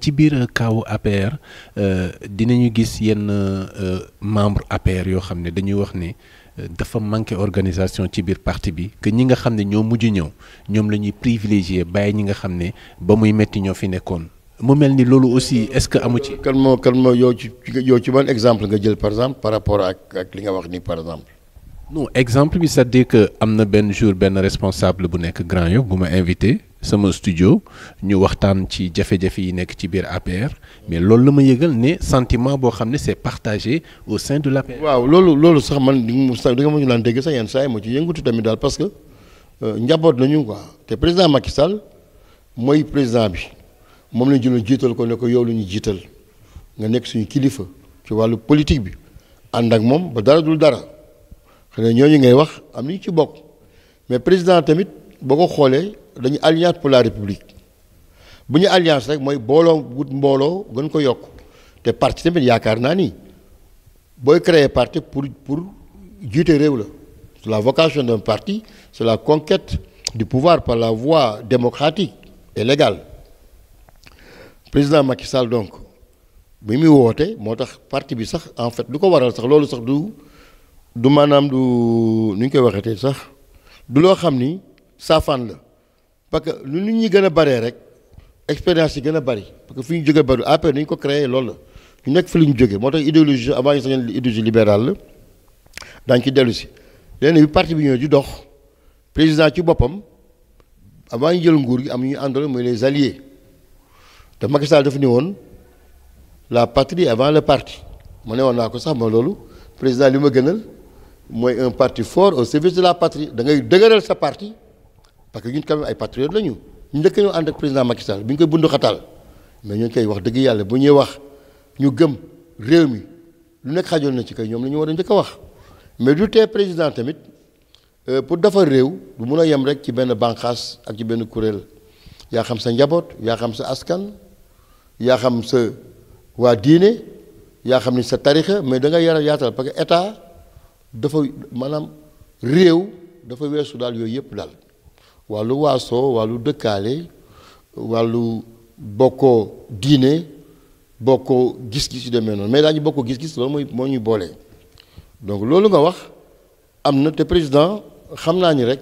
ci biir euh, kawu APR euh, dinañu gis yenn euh, membre APR yoo xam ne dañuy wax ne dafa manqué organisation ci biir parti bi que ñi nga xam ne ñoo mujj ñëw ñoom la ñuy privilégié bàyyi ñi nga xam ne ba muy metti ñoo fi nekkoon mu mel ni loolu aussi est-ce que amu ci. kan moo kan moo yow ci yow ci ban exemple nga jël par exemple par rapport ak li nga wax ni par exemple. non exemple bi cest dire que am na benn jour benn responsable bu nekk Grand Yoff bu ma invité. sama studio ñu waxtaan ci jafe-jafe yi nekk ci biir APR mais loolu la ma yëgal ne sentiment boo xam ne c'est partagé au sein de l'APR. waaw loolu loolu sax man di nga ma ñu daan dégg sax yenn saa yi moo ci yëngatu tamit daal parce que euh, njaboot nañu quoi te président Macky Sall mooy président bi moom lañu jëloon jiital ko ne ko yow lu ñu jiital nga nekk suñu kilifa ci wàllu politique bi ànd ak moom ba dara dul dara xam na ñooñu ngay wax am nañu ci bokk mais président tamit boo ko xoolee. dañu alliance pour la république bu ñu alliance rek mooy booloo wut mbooloo gën ko yokk te parti tamit yaakaar naa ni booy créer parti pour pour jiite réew la c'est la vocation d'un parti c'est la conquête du pouvoir par la voie démocratique et légale président Macky Sall donc bi muy woote moo tax parti bi sax en fait du ko waral sax loolu sax du du maanaam du nu ñu koy waxeetee sax du loo xam ni saafaan la parce que lu nu ñuy gën a baree rek expérience yi gën a bari parce que fi ñu jógee bari après ni ñu ko créé loolu la ñu nekk fi li ñu jógee moo tax idéologie avant ñu sañoon idéologie libérale la daañu ci dellu si léegi bi partie bi ñoo di dox président ci boppam avant ñu jël nguur gi am ñu àndal mooy les alliés te Macky Sall dafa woon la patrie avant le parti ma ne woon naa ko sax ma loolu président li ma gënal mooy un parti fort au service de la patrie dangay ngay dëgëral sa parti parce que ñun quand même ay patriotes lañu ñu njëkk ñoo ànd ak président Macky Sall bi ñu koy bundu mais ñun koy wax dëgg yàlla bu ñuy wax ñu gëm réew mi lu nekk xajoon na ci kay ñoom la ñu war a njëkk wax mais lu te président tamit euh, pour defar réew du mun a yem rek ci benn bànqaas ak ci benn kuréel yaa xam sa njaboot yaa xam sa askan yaa xam sa waa diine yaa xam ni sa tarixa mais da nga yara yaatal parce que état dafa maanaam réew dafa weesu daal yooyu yëpp daal wàllu waasoo wàllu dëkkaale wàllu bokkoo diine bokkoo gis-gis yu demee noonu mais daañu bokkoo gis-gis loolu mooy moo ñuy boole donc loolu nga wax am na te président xam naa ni rek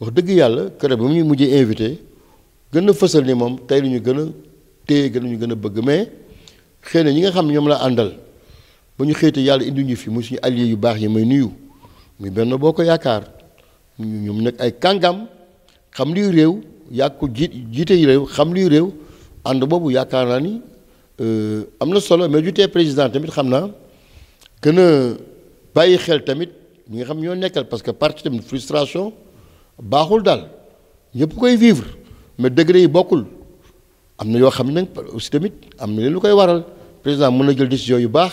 wax dëgg yàlla kër ba mu ñu mujjee invité gën a fësal ni moom tey lu ñu gën a téye gën ñu gën a bëgg mais xëy na ñi nga xam ñoom la àndal ba ñu xëyte yàlla indi ñu fi muy suñu alliés yu baax yi may nuyu muy benn boo ko yaakaar ñoom nekk ay kàngam xam luy réew yàgg ko jiite yi réew xam luy réew ànd boobu yaakaar naa ni euh, am na solo mais jutee président tamit xam na kën a bàyyi xel tamit ñu ngi xam ñoo nekkal parce que parti tamit frustration baaxul daal ñëpp koy vivre mais degré yi bokkul am na yoo xam ne aussi tamit am na leen lu koy waral président mun na jël décision yu baax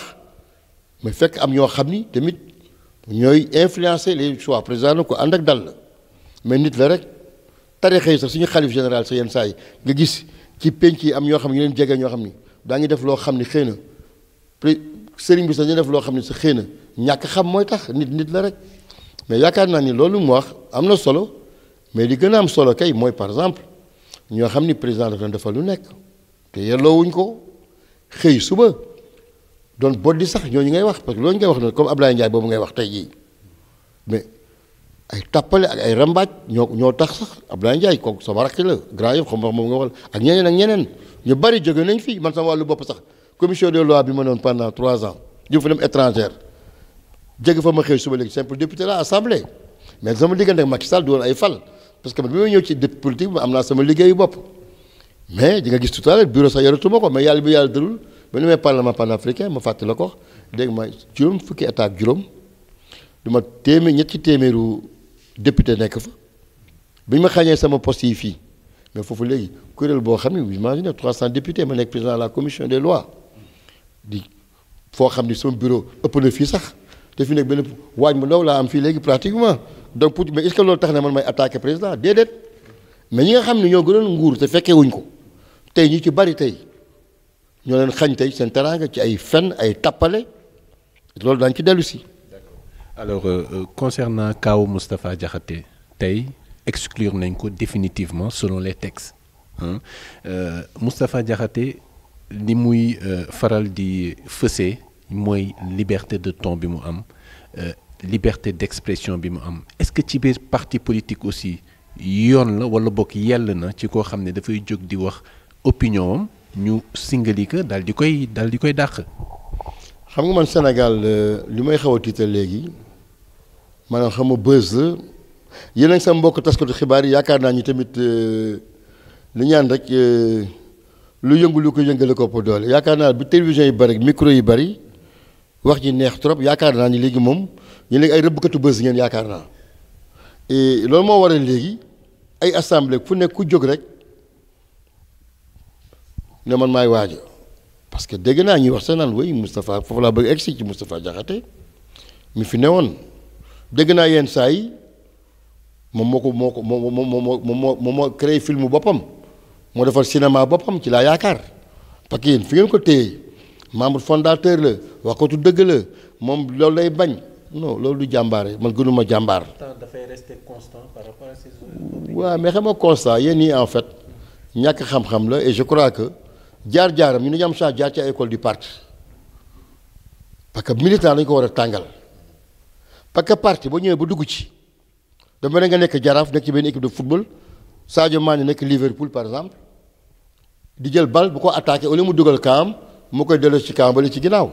mais fekk am ñoo xam ni tamit ñooy influencer les choix président na ko ànd ak dal la mais nit la rek tarixa xëy sax suñu xalif général sa yenn saa yi nga gis ci penc yi am ñoo xam ne ñu leen ñoo xam ni daañu def loo xam ni xëy na sëriñ bi sax ñu def loo xam ne sa xëy na ñàkk xam mooy tax nit nit la rek mais yaakaar naa ni loolu mu wax am na solo mais li gën a am solo kay mooy par exemple ñoo xam ni président daf leen defal lu nekk te yelloowuñ ko xëy suba doon boddi sax ñu ngay wax parce que loolu ngay wax noonu comme Ablaye Ndiaye boobu ngay wax tey jii mais. ay tàppale ak ay rambaaj ñoo tax sax Abdoulaye Ndiaye kook sama rakk la grand yow xam moom nga wala ak ñeneen ak ñeneen ñu bari jóge nañ fii man sama wàllu bopp sax commission des lois bi ma doon pendant trois ans jëm ma xëy suba léegi simple député la mais sama diggante ak Macky Sall ay fal parce que man bi may ñëw ci député ma am naa sama liggéeyu bopp mais di nga gis tout à l'heure bureau sax ko mais yàlla bi yàlla dërul ba nu may ma fàttali la ko dégg ma juróom fukki état ak juróom du ma téeméer ñetti téeméeru député nekk fa bi ñu ma xàññee sama poste yi fii mais foofu léegi kuréel boo xam ne imagine 300 députés ma nekk président de la commission des lois di foo xam ni sama bureau ëpp na fii sax te fi nekk benn waañ mu ndaw laa am fii léegi pratiquement donc pour mais est que loolu tax na man may attaqué président déedéet mais ñi nga xam ne ñoo gënoon nguur te fekkee wuñ ko tey ñu ci bari tey ñoo leen xañ tey seen teraanga ci ay fenn ay tappale loolu daañu ci dellu alors euh, euh concernant kaawu Moustapha Diakhaté tey exclure nañ ko définitivement selon les textes euh, Moustapha Diakhaté li muy euh, faral di fësee mooy liberté de ton bi mu am euh, liberté d'expression bi mu am est-ce que ci biir parti politique aussi yoon la walla bokk yell na ci koo xam ne dafay jóg di wax opinion am ñu singali ko daal di koy daal di koy dàq. xam nga man Sénégal li may xaw a léegi. maanaam xam nga buzz la yéen ak mbokk taskatu xibaar yi yaakaar naa ñu tamit euh, li ñaan rek euh, lu yëngu ko yëngale ko pour doole yaakaar naa bu télévision yi bari micro yi bari wax ji neex trop yaakaar naa ni léegi moom ñu léegi ay rëbbkatu buzz ngeen yaakaar naa et loolu moo waral léegi ay assemblée fu nekk ku jóg rek ne man maay waajo parce que dégg naa ñuy wax sa naan way Moustapha foofu laa bëgg egsi ci mustafaa Diakhaté mi fi ne woon dégg naa yenn saa yi moom moo ko moo ko moom moo moo moo moo créé film boppam moo defar cinéma boppam ci laa yaakaar parce que yéen fi ngeen ko téye membre fondateur la wax ko tu dëgg la moom loolu lay bañ loolu du jàmbaare man gënuma jàmbaar. dafay rester mais xam a constat yéen ñii en fait ñàkk xam-xam la et je crois que jaar-jaaram ñu ne ñu am saa jaar ci école du parti parce que militant dañu ko war a tàngal. parce que parti boo ñëwee ba dugg ci dama ne nga nekk jaraaf nekk ci benn équipe de football Sadio Mané nekk Liverpool par exemple di jël bal bu ko attaqué au lieu mu dugal kaam mu koy delloo ci kaam bale ci ginnaaw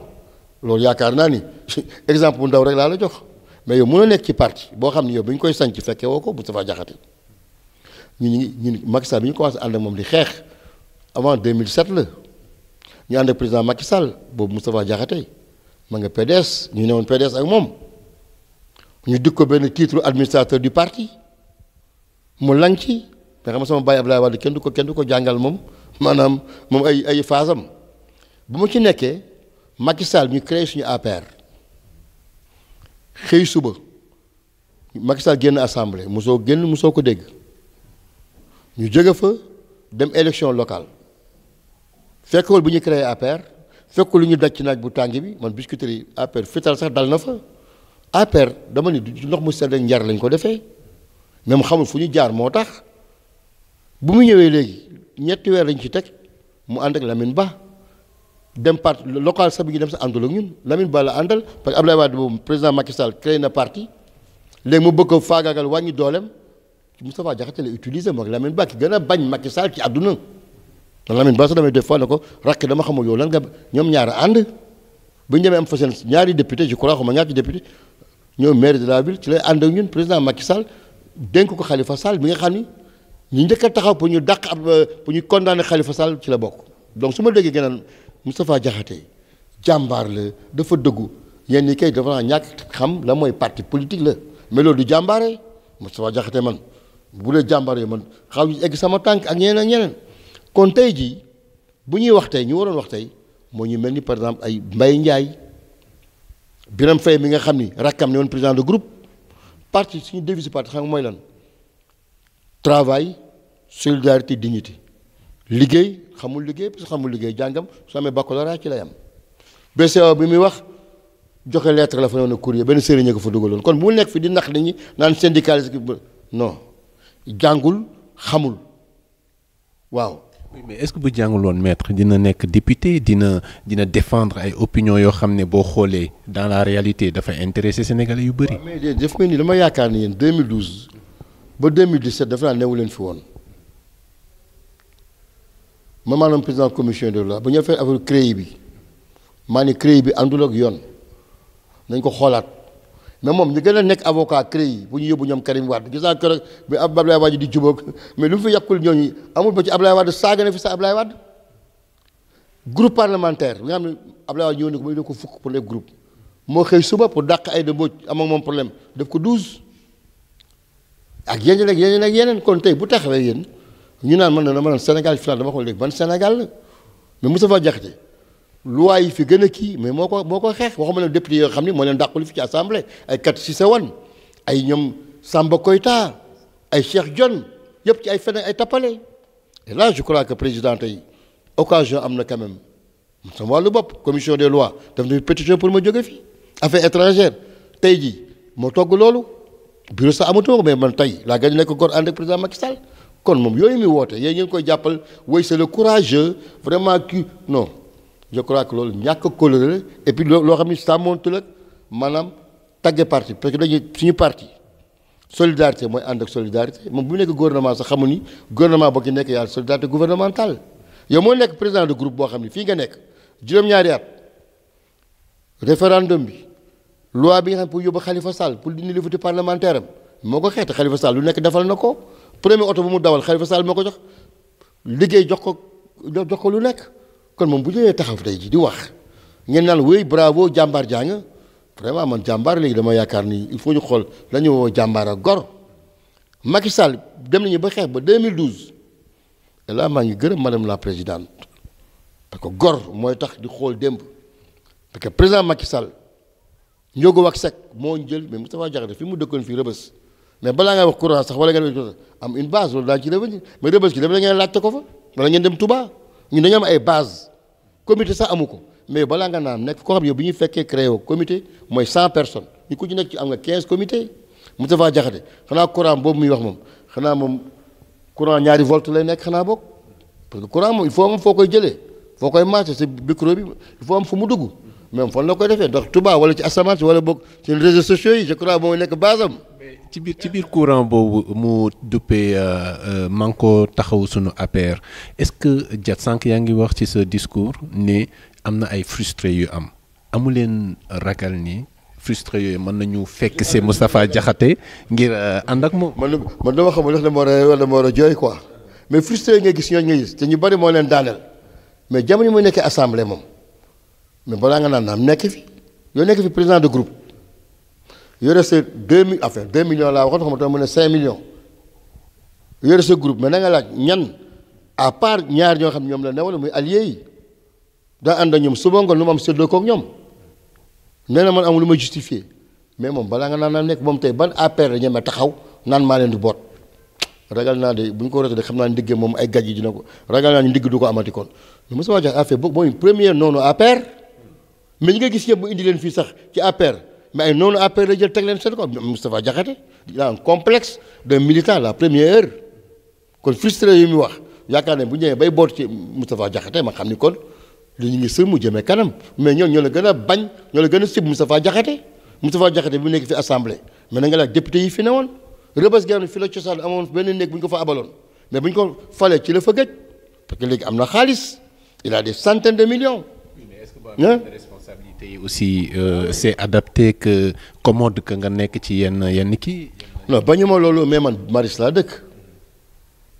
loolu yaakaar naa ni exemple bu ndaw rek laa la jox mais yow mën a nekk ci parti boo xam ne yow bi ñu koy sanc fekkee woo ko Moustapha Diakhaté ñu ngi ñun Macky bi ñu commencé ànd moom di xeex avant 2007 la ñu ànd ak président Macky Sall boobu Moustapha Diakhaté ma nga PDS ñu newoon PDS ak moom. ñu dikk ko benn titre administrateur du parti mu lang ci mais xam nga sama bàyyi Abdoulaye Wade kenn du ko kenn du ko jàngal moom maanaam moom ay ay phase bu ma ci nekkee Macky Sall ñu créé suñu APR xëy suba Macky Sall génn assemblée mosoo génn musoo ko dégg ñu jóge fa dem élection locale fekkul bu ñu créé APR fekkul lu ñu daj ci naaj bu tàng bi man biscuiterie APR fital sax dal na fa. APR dama ni du ndox mu sedd ak njar lañ ko defee même xamul fu ñu jaar moo tax bu mu ñëwee léegi ñetti weer lañu ci teg mu ànd ak Lamine Ba dem parti local sax bi ñu dem sa àndul ak ñun Lamine Ba la àndal parce que Abdoulaye Wade boobu président Macky Sall créé na parti léegi mu bëgg ko faagaagal wàññi dooleem Moustapha Diakhaté la utiliser moom ak Lamine Ba ki gën a bañ Macky Sall ci àdduna Lamine Ba sax damay def fois ne ko rakk dama xamul yow lan nga ñoom ñaar ànd bu ñu demee am ñaari député je crois ma ñaar ci ñëw maire de la ville ci lay ànd ak ñun président Macky Sall dénk ko xalifa Sall bi nga xam ni ñu njëkk a taxaw pour ñu daq ab pour ñu condamner xalifa Sall ci la bokk donc su ma déggee gënaan Moustapha Diakhaté jàmbaar la dafa dëggu yenn ñi kay dafa naa ñàkk xam la mooy parti politique la mais du jàmbaare Moustapha Diakhaté man bu dee jàmbaare man xaw ñu egg sama tànk ak ñeneen ñeneen kon tey jii bu ñuy wax ñu waroon wax tey moo ñu mel ni par exemple ay Mbaye Ndiaye. Birame Faye mi nga xam ni rakkam ne woon président de groupe parti suñu devise parti xam nga mooy lan travail solidarité dignité liggéey xamul liggéey parce xamul liggéey jàngam su amee baccalauréat ci lay am BCEAO bi muy wax joxe lettre la fa noonu courrier benn sëriñ ko fa dugaloon kon bu nekk fi di nax nit ñi naan syndicaliste non jàngul xamul waaw oui mais est-ce que bu jàngul woon maître dina nekk député dina dina défendre ay opinion yoo xam ne boo xoolee dans la réalité dafa intéresser sénégalais yu bëri. mais léegi daf ni dama yaakaar ni yéen 2012 ba 2017 dafa naa newu leen fi woon ma maanaam président commission de loi ba ñu affaire affaire CREI bi maa ni CREI bi àndul yoon nañ ko xoolaat. mais moom ñu gën a nekk avocat CREI yi bu ñu yóbbu ñoom Karim Wade gis naa keroog bi Abdoulaye Wade di jubóog mais lu mu fi yàqul ñooñu amul ba ci Abdoulaye Wade saaga na fi sa Abdoulaye Wade groupe parlementaire bi nga xam ne Abdoulaye Wade ñëw na ko may ko fukk pour les groupes moo xëy suba pour dàq ay dëmbooj am ak moom problème def ko douze ak yeneen ak yeneen ak yeneen kon tey bu taxawee yéen ñu naan man na dama naan Sénégal fi dama ko léegi ban Sénégal la fa Moustapha Diakhaté loi yi fi gën a kii mais moo ko moo ko xeex waxuma ne député yoo xam ni moo leen dàqul fi ci assemblée ay kat si sewan ay ñoom Samba Koyta ay Cheikh John yëpp ci ay feneen ay tappale et là crois que président tey occasion am na quand même sama wàllu bopp commission des lois def na pétition pour ma jóge fii affaire étrangère tey jii moo togg loolu bureau sax amatuma ko mais man tey laa gën a nekk góor ànd ak président Macky kon moom yooyu muy woote yéen ngeen koy jàppal woy c'est le courageux vraiment qui non je loolu ñàkk a coloré et puis loo xam ne sàmmoontu la maanaam tagge parti parce que dañuy suñu parti solidarité mooy ànd ak solidarité moom bu nekk gouvernement sax xamu ni gouvernement boo ki nekk yaa solidarité gouvernementale yow moo nekk président de groupe boo xam ne fii nga nekk juróom-ñaari at référendum bi loi bi nga xam pour yóbbu Khalifa Sall pour dindi liberté parlementaire am moo ko xeet Khalifa Sall lu nekk defal na ko premier oto bu mu dawal Khalifa Sall moo ko jox liggéey jox ko jox ko lu nekk. kon moom bu ñëwee taxaw tey ji di wax ngeen naan wéy bravo jàmbaar jaa nga vraiment man jàmbaar léegi dama yaakaar ni il faut ñu xool la woo jàmbaar a gor Macky Sall dem nañu ba xeex ba 2012 et là maa ngi gërëm madame la président parce que gor mooy tax di xool démb parce que président Macky Sall Ndiogo Wax Seck moo jël mais Moustapha Diakhaté fi mu dëkkoon fii rëbës mais balaa ngay wax courant sax wala nga am une base loolu daañu ci dem la ngeen laajte ko fa wala ngeen dem Touba. ñu dañoo am ay base comité sax amu ko mais balaa nga naan nekk koo xam ne bu ñuy fekkee créé woo comité mooy cent personnes ñu ku ci nekk ci am nga quinze comité Moustapha Diakhaté xanaa courant boobu muy wax moom xanaa moom courant ñaari volte lay nekk xanaa bokk parce que courant moom il faut foo koy jëlee foo koy marché sa micro bi am fu mu dugg même fan loo koy defee ndax Touba wala ci asamaan si wala boog seen réseaux sociaux yi je crois nekk base am ci biir ci biir courant boobu mu duppee euh, euh, manko taxaw sunu APR est-ce que Diat sànq yaa ngi wax ci sa discours ne am na ay frustré yu am amu leen ragal ni frustré yooyu mën nañu fekk si Moustapha Diakhaté ngir euh, ànd ak moom. man man dama xamul ndax dama war a wala dama a jooy quoi mais frustré yi nga gis ñooñu nga ñu bari moo leen daaneel mais jamono mu nekkee assemblée moom mais balaa nga naan naam nekk fi yoo nekk fi président de groupe. yore sa deux mille affaire deux millions laa waxoon xam nga mu ne cinq millions yore sa groupe mais na nga laaj ñan à part ñaar ñoo xam ñoom la newoon muy allié yi daa ànd ak ñoom suba ngoon lu ma am séddoo koog ñoom nee na man amul lu ma justifié mais moom balaa nga naan naa nekk moom tey ban APR la ñeme taxaw naan maa leen di boot ragal naa de bu ñu ko rotee de xam naa ndiggee moom ay gaj yi dina ko ragal naa ni ndigg du ko amati kon mosuma jox affaire boobu mooy noonu APR mais nga gis yëpp mu indi leen fii sax ci APR. mais ay noonu après la teg leen seen ko Moustapha Diakhaté il a un complexe militant la première heure kon frustré yi mu wax yaakaar ne bu ñëwee bay boot ci Moustapha Diakhaté ma xam ni kon li ñu ngi sën mu jëmee kanam mais ñoom ñoo la gën a bañ ñoo la gën a sib Moustapha Diakhaté Moustapha Diakhaté bu nekk fi assemblée mais na nga laaj député yi fi newoon rëbës gi fi la cosaan amoon benn néeg bu ñu ko fa abaloon mais bu ñu ko falee ci la fa gëj parce léegi am na xaalis il a des centaines de millions. responsabilité yi aussi euh, c'est adapté que commode que nga nekk ci yenn yenn kii. non bañu ma loolu mais man Maris laa dëkk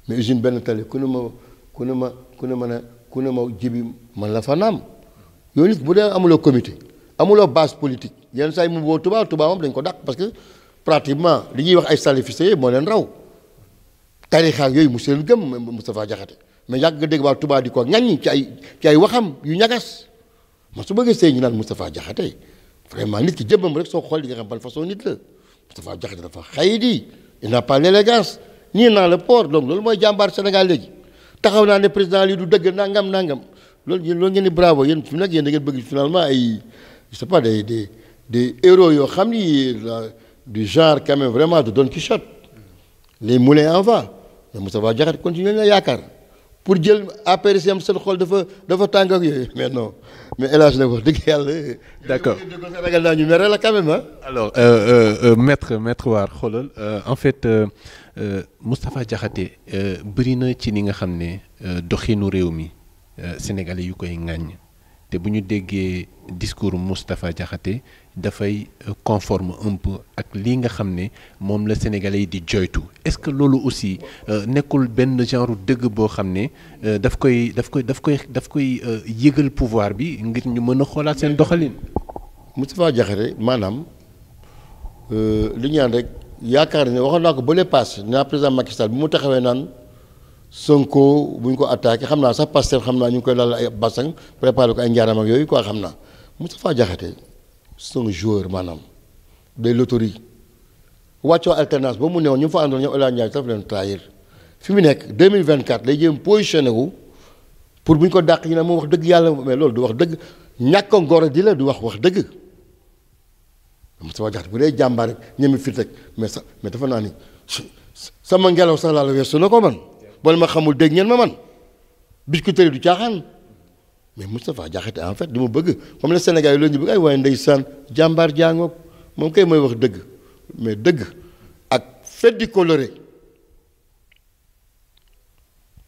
mais usine benn tali ku ne ma ku ne ma ku ne ma ne ku ne ma jibi man la fa naam yooyu nit bu dee amuloo comité amuloo base politique yenn saa yi mu boo Touba Touba moom dañ ko dàq parce que pratiquement li ñuy wax ay salafiste yooyu moo leen raw tarixaak yooyu mu seen gëm Moustapha Diakhaté mais yàgg nga dégg waa Touba di ko ŋaññi ci ay ci ay waxam yu ñagas man su ma gisee ñu naan Moustapha Diakhaté vraiment nit ki jëmmam rek soo xool di nga xam ban façon nit la Moustapha Diakhaté dafa xay di il n'a pas l'élégance nii naa la port donc loolu mooy jàmbaar Sénégal léegi taxaw naa ne président lii du dëgg nangam nangam loolu loolu ngeen di bravo yéen fi nag yéen da ngeen bëgg finalement ay je sais pas des des des héros yoo xam ni di genre quand même vraiment de Don Quichotte les moulins en va mais Moustapha Diakhaté continué na yaakaar pour jël APR si am seen xol dafa dafa tàng ak yooyu mais non na hélas nag yàlla. d' accord ragal naa ñu mere la quand même ah. War xoolal en fait euh, Moustapha Diakhaté bëri na ci ni nga xam ne doxinu réew mi sénégalais yu koy ŋàññ te bu ñu déggee discours Moustapha Diakhaté dafay euh, conforme un peu ak lii nga xam ne moom la sénégalais yi di joytu est-ce que loolu aussi euh, nekkul benn genre dëgg boo xam ne euh, daf koy daf koy daf koy daf koy yëgal pouvoir bi ngir ñu mën a xoolaat seen doxalin. Moustapha Diakhaté maanaam li ñu naan rek yaakaar ne waxoon naa ko ba le pass naa président mu taxawee naan Sonko bu ñu ko attaqué xam naa sax Pastef xam naa ñu koy lal ay basang préparé ko ay njaaram ak yooyu quoi xam naa Moustapha Diakhaté su son joueur maanaam day lotori wàccoo alternance ba mu newoon ñu mu fa àndoon ñoom Ola Ndiaye daf leen trahir fi mu nekk 2024 day jéem ne wu pour bu ñu ko dàq ñu ne moom wax dëgg yàlla mais loolu du wax dëgg ñàkk a ngoro di la du wax wax dëgg sama jaxte bu dee jàmbar rek ñemi fit rek mais sax mais dafa naa ni sama ngelaw sax laa la weesu na ko man bala ma xamul dégg ngeen ma man biscuiterie du caaxaan mais Moustapha Diakhaté en fait li mu bëgg comme le Sénégal yi loolu ñu bëgg ay waaye ndeysaan jàmbaar jàngoog moom kay mooy wax dëgg mais dëgg ak feddi coloré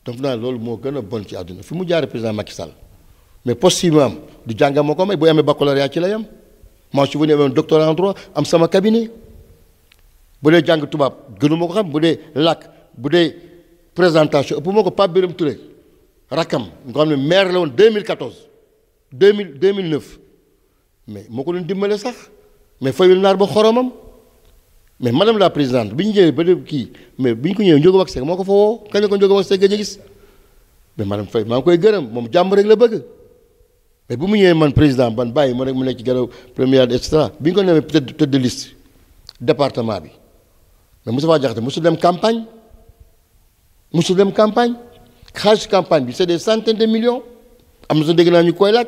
daf naa loolu moo gën a bon ci àdduna fi mu jaare président Macky Sall mais poste yi mu am du jàngam moo ko may bu amee baccalauréat ci lay am moo je suis venu am doctorat en am sama cabinet bu dee jàng tubaab gënu ma ko xam bu dee lakk bu dee présentation ëpp moo ko Pape Birame Touré rakkam nga xam ne maire la woon 2014 2000 2009 mais moo ko doon dimbale sax mais fayul naar ba xoromam mais madame la présidente bi ñu ñëwee ba kii mais bi ñu ko ñëwee Ndiogou Wack Seck moo ko fa woo kañ la ko Ndiogou Wack a gis mais madame Faye maa ngi koy gërëm moom jàmm rek la bëgg mais bu mu ñëwee man président ban bàyyi ma rek mu nekk ci garaw première et cetera bi ñu ko nemmee tête tête de département bi mais Moustapha Diakhaté mosul dem campagne mosul dem campagne. xaalis campagne bi c'est des centaines de millions am na sa dégg naa ñu koy laaj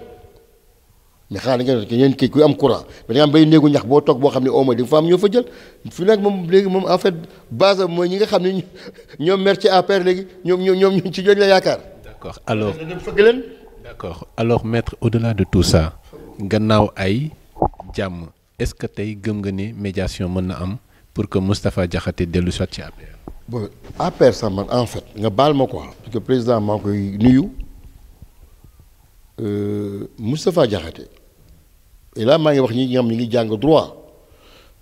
mais xaaral nga ne yéen kii kuy am courant mais da nga néegu ñax boo toog boo xam ne au moins di nga ñoo fa jël fi nag moom léegi moom en fait base mooy ñi nga xam ne ñoom mer ci APR léegi ñoom ñoom ñu ci jooñ yaakaar. d'accord alors fëgg leen. d'accord alors maître au-delà de tout ça gannaaw ay jàmm est-ce que tey gëm nga ni médiation mën na am pour que Moustapha Diakhaté dellu soit ci APR. bon APR sax man en fait nga baal ma ko parce président maa ngi koy nuyu euh, Moustapha Diakhaté et là maa ngi wax ñi nga xam ngi jàng droit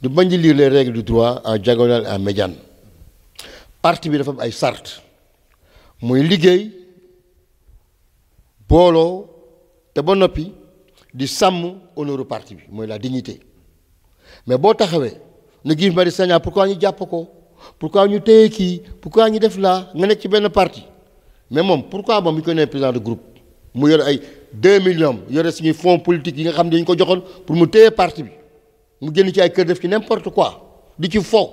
du bañ di lire les règles du droit en diagonale en médiane parti bi dafa ay sart muy liggéey booloo te ba noppi di sàmm honneur parti bi mooy la dignité mais boo taxawee ne Guy Marius Sagna pourquoi ñu jàpp ko. pourquoi ñu téye kii pourquoi ñu def laa nga nekk ci benn parti mais moom pourquoi moom mi koy nee président de groupe mu yore ay 2 millions yore suñuy fonds politique yi xam ne dañu ko joxoon pour mu téye parti bi mu ci ay kër def ci n'importe quoi di ci fo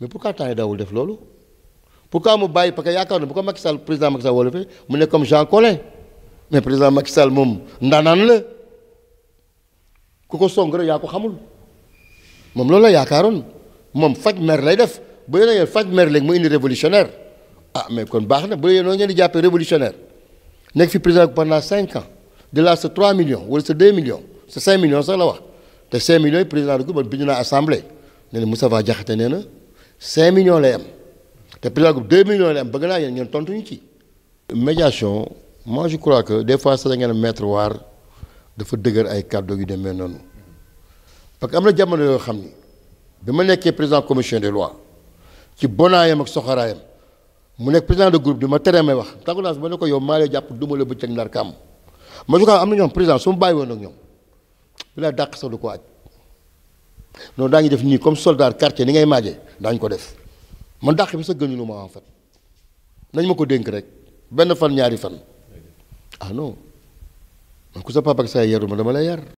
mais pourquoi yi daawul def loolu pourquoi mu bàyyi parce yaakaar na bu ko Macky Sall président Macky Sall wala fee mu nekk comme Jean mais président Macky Sall moom ndaanaan la ku ko song xamul moom loolu la yaakaaroon. moom faj mer lay def bu yéen a faj mer léegi mu indi révolutionnaire ah mais kon baax na bu yéen ngeen di jàppee révolutionnaire nekk fi président pendant cinq ans di laa sa 3 millions wala sa 2 millions sa 5 millions sax la wax te 5 millions yi président dugg ba bind naa assemblée nee na Moustapha Diakhaté nee na 5 millions lay am te président gu 2 millions lay am bëgg naa yéen ngeen tontuñu ci. médiation moi je crois que des fois sax da ngeen mettre waar dafa dëgër ay kàddu yu demee noonu parce que am na jamono yoo xam ni. bi ma nekkee président commission des lois ci bonaayam ak soxaraayam mu nekk président de groupe di ma teree may wax tàggu naa ma ne ko yow maa lay jàpp duma la bëccëg ndar kàmm ma jox ah, am na ñoom président su ma bàyyi woon ak ñoom bi laa dàq sax du ko aj noonu ngi def nii comme soldat quartier ni ngay maaje daañu ko def man dàq bi sax gënu lu ma en fait nañ ma ko dénk rek benn fan ñaari fan ah non man ku sa papa ak sa yaru ma dama lay yar.